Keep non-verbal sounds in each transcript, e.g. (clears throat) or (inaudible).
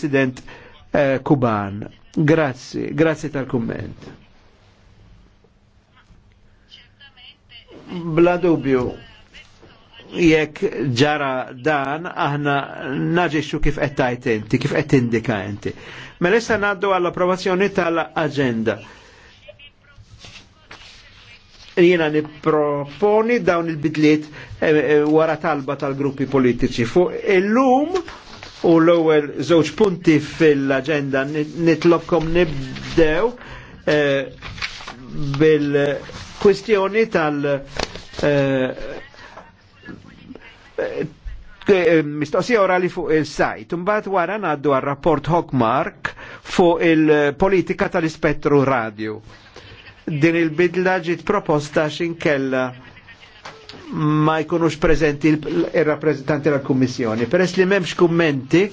president eh, Kuban. Grazzi, grazie tal-komment. Bla dubju, jekk ġara dan, aħna naġiċu kif qed inti, kif qed indika inti. Mela issa għall-approvazzjoni tal-aġenda. Jiena nipproponi dawn il-bidliet eh, eh, wara talba tal-gruppi politiċi. Fuq illum u l-ewwel żewġ punti fil-aġenda nitlobkom nibdew eh, bil-kwistjoni tal- eh, eh, mistoqsija orali fuq il-sajt. Mbagħad wara ngħaddu għar-rapport Hockmark fuq il-politika tal-ispettru radio. Din il-bidla ġiet proposta xinkella ma jkunux prezenti il-rappresentanti il tal-Kummissjoni. Peress li memx kummenti,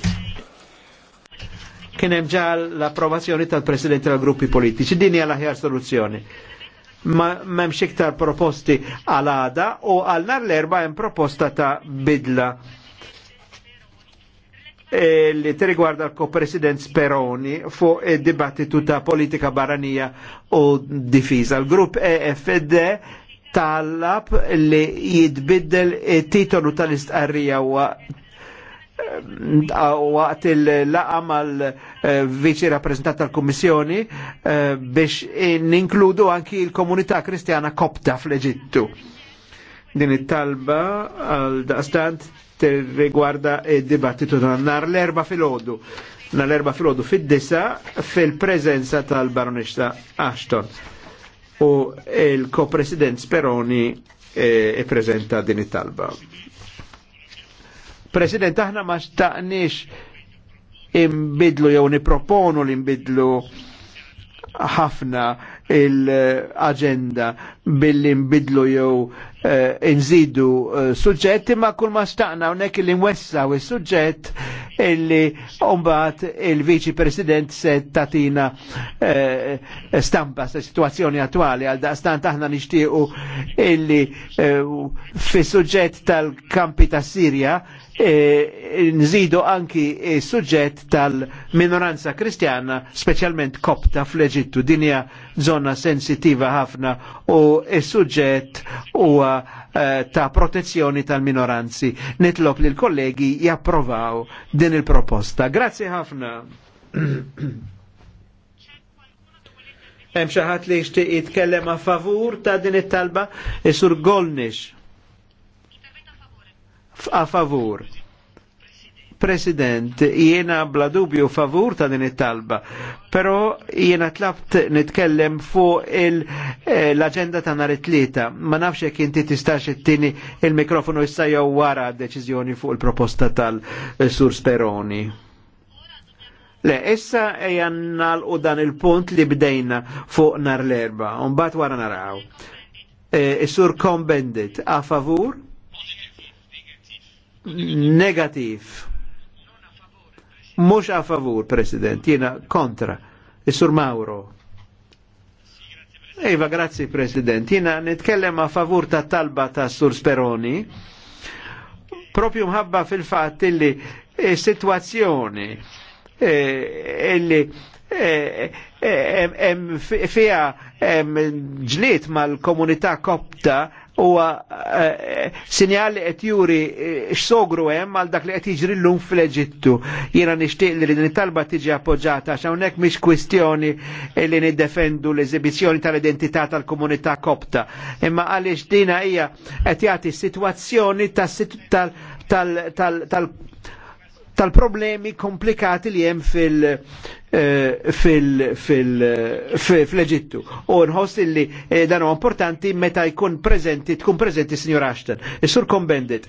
kien hemm ġa l-approvazzjoni tal-Presidenti tal-Gruppi Politiċi. Din hija l-aħjar soluzzjoni. Ma memx iktar proposti għal għada u għal nar l-erba' hemm proposta ta' bidla e li tirigwarda l-ko-president Speroni fuq id-dibattitu ta' politika barranija u difiża. L-grupp EFD talab li jitbiddel titolu tal-istqarrija eh, waqt il-laqa mal-viċi eh, rappresentant tal-Kommissjoni eh, biex ninkludu anki il-komunità kristjana kopta fl-Eġittu. Din it-talba għal daqstant riguarda il-dibattitu nar l-erba fil-ħodu. Nar l-erba fil-ħodu fid-disa fil-prezenza tal-baronista Ashton u il-ko-president Speroni e, eh, prezenta din it-talba. President, aħna ma staqnix imbidlu jew niproponu li imbidlu ħafna il-agenda billi imbidlu jew Eh, nżidu eh, suġġetti ma kull ma staqna unnek li nwessaw il-suġġett illi umbat il-Viċi President se tatina eh, stampa sa situazzjoni attuali għal daqstant aħna nixtiequ illi fi suġġett tal-kampi ta' Sirja nżidu anki suġġett tal-minoranza kristjana, specialment kopta fl-Eġittu, dinja zona sensitiva ħafna u suġġett huwa Eh, ta' protezzjoni tal-minoranzi. Nitlob li l-kollegi japprovaw din il-proposta. Grazie ħafna. (clears throat) Hemm xi ħadd li jixtieq jitkellem a favur ta' din it-talba, isur Golnish. A favur. President, jiena bla dubju favur ta' din it-talba, però jiena tlabt nitkellem fuq eh, l-agenda ta' nar it-tlieta. Ma nafx jekk inti tistax ittini il-mikrofonu issa jew wara deċiżjoni fuq il-proposta tal-Sur Speroni. Le, issa ejja nalqu dan il-punt li bdejna fuq nar l-erba, un bat wara naraw. Eh, is-sur Combendit, a favur? Negativ Mux a favur, President, jena kontra. Isur e Mauro. Iva, grazzi, President. Jena nitkellem a favur ta' talba ta' Sur Speroni. Propju mħabba fil-fat illi e situazzjoni e, illi e, e, fija ġliet mal-komunità kopta huwa eh, sinjali qed juri eh, x'sogru hemm għal dak li qed jiġri llum fl-Eġittu. Jiena nixtieq li din talba tiġi appoġġata għax hawnhekk mhix kwistjoni li niddefendu l-eżibizzjoni tal-identità tal-komunità kopta. Imma għaliex dina hija qed jagħti sitwazzjoni tal-, tal, tal, tal tal-problemi komplikati li hemm fil- eh, fil-Eġittu. U nħost illi eh, dan huwa importanti meta jkun prezenti, tkun prezenti signor Ashton. Is-sur e kombendit,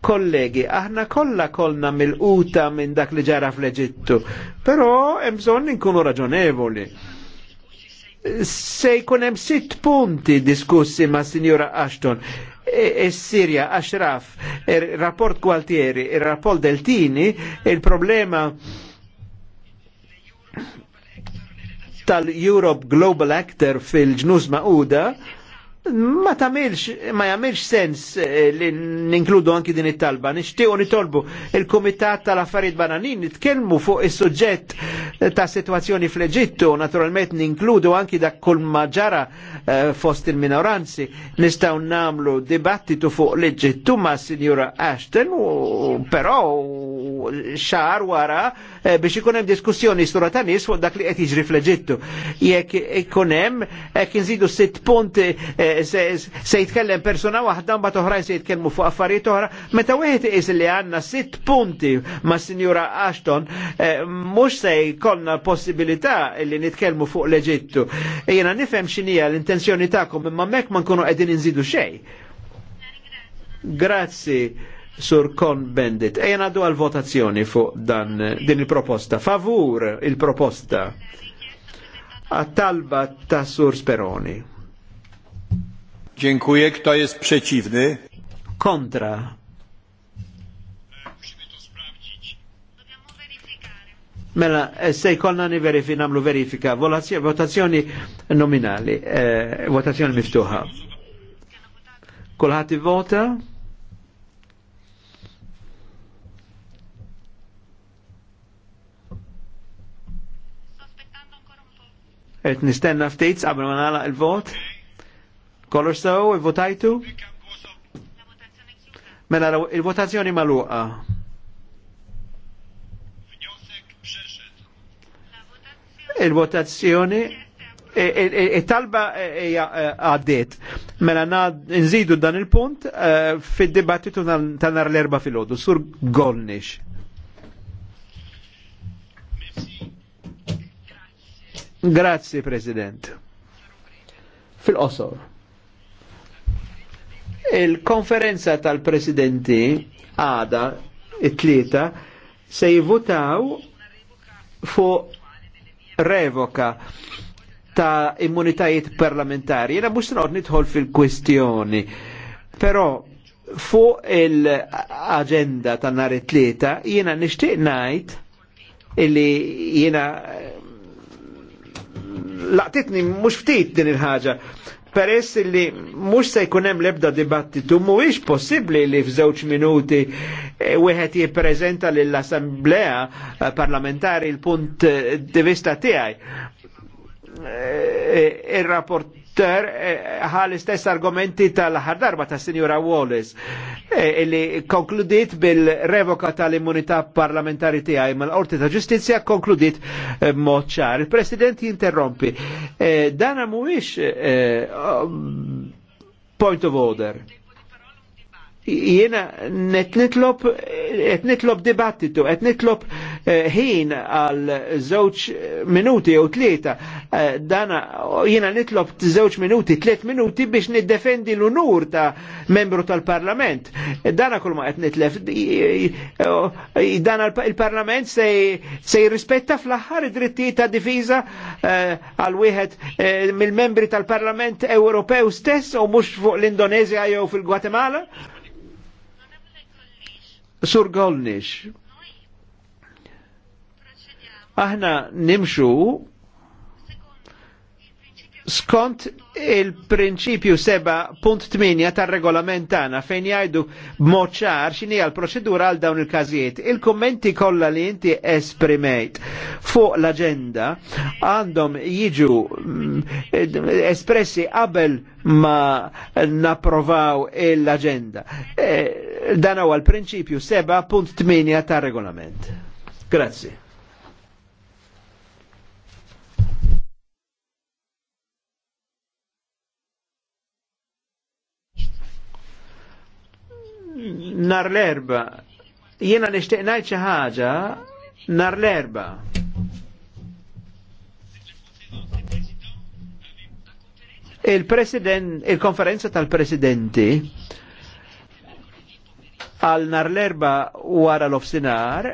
kollegi, aħna kolla kolna mill-uta minn dak li ġara fl-Eġittu, però hemm bżonn inkunu raġonevoli. Se jkun hemm sitt punti diskussi ma' signora Ashton E, e, Sirja, Ashraf, il-rapport e, Gualtieri, il-rapport Deltini, il-problema tal-Europe Global Actor fil-ġnus Mauda, ma tamilx, ma jamilx sens eh, li ninkludu anki din it-talba, nixtiequ nitolbu il-Komitat tal-Affarijiet Bananin nitkellmu fuq is-suġġett eh, ta' situazzjoni fl-Eġittu, naturalment ninkludu anki dak kull ma ġara eh, fost il-minoranzi, nistgħu namlu dibattitu fuq l-Eġittu ma' Sinjura Ashton, u però xar wara eh, biex ikun hemm diskussjoni sura ta' nies fuq dak li qed jiġri fl-Eġittu. Jekk ikun hemm hekk inżidu sitt punti eh, se jitkellem persuna waħda mbagħad oħrajn se jitkellmu fuq affarijiet oħra, meta wieħed iqis li għandna sitt punti ma' Sinjura Ashton eh, mhux se jkollna possibilità li nitkellmu fuq l-Eġittu. Jiena nifhem x'inhija l-intenzjoni tagħkom imma mhekk ma nkunu qegħdin inżidu xejn. Grazzi sur kon bendit. Ejna għaddu għal-votazzjoni fuq dan din il-proposta. Favur il-proposta għat-talba ta' sur Speroni. Dziękuję. Kto jest przeciwny? Kontra. Mela, eh, se jkollna ni verifi, namlu verifika, votazzjoni nominali, eh, votazzjoni miftuħa. Kulħati vota? Et nistenna ftit sabra ma nagħlaq il-vot. Kolor il votajtu? Mela il-votazzjoni maluqa. Il-votazzjoni e-, e-, e-, it-talba għaddit. Mela nżidu dan il-punt fid-dibattitu ta' nar l-erba fil-ħodu, sur Golnish. Grazzi, President. Fil-qosor. Il-konferenza tal-presidenti għada it-tlieta se jivutaw fu revoka ta' immunitajiet parlamentari. Jena mux nqod nitħol fil-kwestjoni, però fu il-agenda ta' nar it-tlieta jena nishtiq najt illi jena laqtitni mhux ftit din il-ħaġa. Peress li mhux se jkun hemm l-ebda dibattitu, mhuwiex possibbli li f'żewġ minuti e, wieħed jippreżenta lill-Assemblea eh, parlamentari l-punt eh, di vista tiegħi. Eh, il-rapport rapporter eh, ħal istess argumenti tal-ħar darba ta' Sinjora Wallis eh, illi konkludit bil-revoka tal-immunità parlamentari tiegħi mal-Qorti ta' Ġustizzja konkludit eh, mod ċar. Il-President jinterrompi. Dan mhuwiex um, point of order jiena net nitlob dibattitu, et nitlob ħin għal żewġ minuti u tlieta. Eh, dana jiena nitlob żewġ minuti, tliet minuti biex niddefendi l-unur ta' membru tal-Parlament. Eh, dana kull ma qed nitlef. Dana il-Parlament se jirrispetta fl-aħħar id ta' difiża eh, għal wieħed mill-membri tal-Parlament Ewropew stess u mhux fuq l-Indonezja jew fil-Gwatemala? Sur Golnish aħna nimxu skont il-prinċipju 7.8 tar-regolament tagħna fejn jgħidu b'mod ċar x'inhi l-proċedura għal dawn il-każijiet. Il-kummenti kollha li inti esprimejt fuq l-aġenda għandhom jiġu mm, espressi qabel ma napprovaw l-aġenda. Eh, dan huwa l-prinċipju 7.8 tar-regolament. Grazie. nar l-erba. Jena nixtieq ngħid xi ħaġa nar l-erba. Il-president, il-konferenza tal-presidenti għal nar l-erba wara l-ofsinar,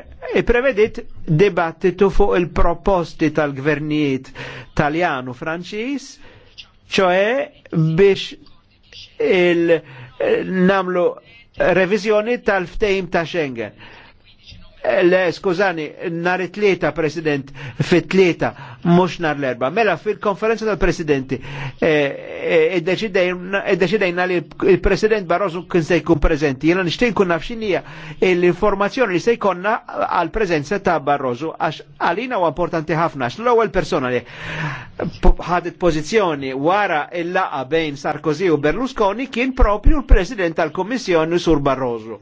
prevedit dibattitu fuq il-proposti tal-gvernijiet taljan u franċis, ċoe biex il-namlu revizjoni tal-ftejm ta' Schengen Eh, le, skużani, nar it-tlieta, President, fit-tlieta, mux nar l-erba. Mela, fil-konferenza tal-Presidenti, eh, eh, id-deċidejna li il-President Barroso kien se jkun prezenti. Jena nishtin kun nafxinija l-informazzjoni li se jkonna għal-prezenza ta' Barroso, għax għalina u importanti ħafna, għax l-ewel persona li ħadet pozizjoni wara il-laqa bejn Sarkozy u Berlusconi kien propju l-President tal-Kommissjoni Sur Barroso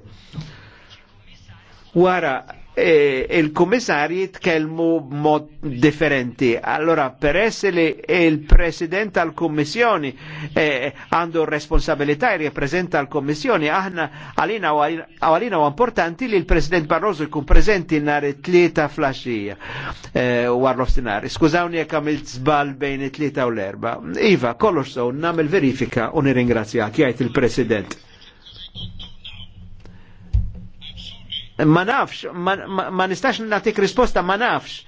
wara eh, il-kummissarji tkellmu mod differenti. Allora, per essere il-president tal-kummissjoni eh, għandu eh, responsabilità e rappresenta l-kummissjoni, aħna għalina u importanti li il-president Barroso jkun prezenti nar it-tlieta flasġija eh, Warlo l-ofsinari. Skużawni jekk għamilt zbal bejn tlieta u l-erba. Iva, kollox so, namel verifika u nirringrazzjak, jgħid il-president. ma nafx, ma nistax natik risposta ma nafx.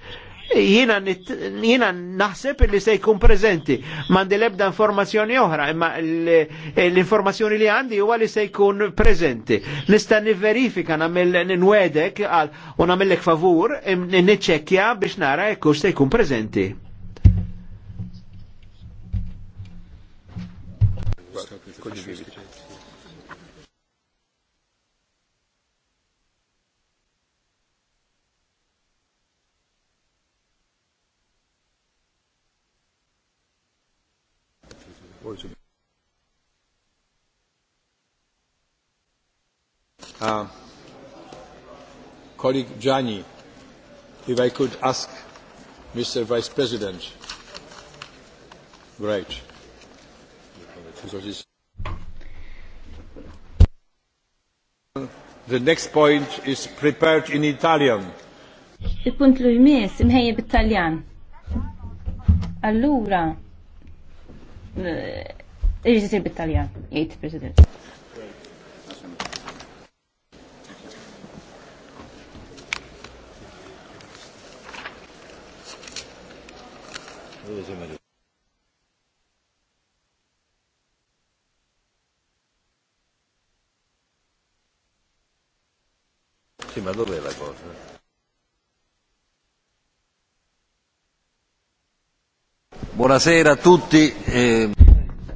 Jina, jina naħseb li se jkun prezenti, mandi lebda informazzjoni oħra, imma l-informazzjoni li għandi huwa li se jkun prezenti. Nista niverifika namil n-wedek għal u namillek favur, n-neċekja biex nara jekk se jkun prezenti. colleague Gianni, if I could ask Mr. Vice President. Right. The next point is prepared in Italian. Il-punt li jmiss imħejja bit-Taljan. Allura, eh, irġisir bit-Taljan, jgħid President. Teresa Madu. Sì, ma dov'è la cosa? Buonasera a tutti. E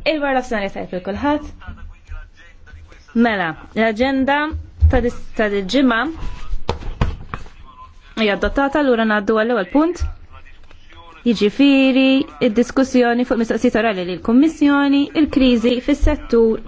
eh. il la sera sani per il hat. Mela, l'agenda agenda ta' d-ġimma hija adottata allora ura naddu għall-ewwel punt jiġifieri id-diskussjoni fuq mistoqsijiet orali lill-Kummissjoni, il-kriżi fis-settur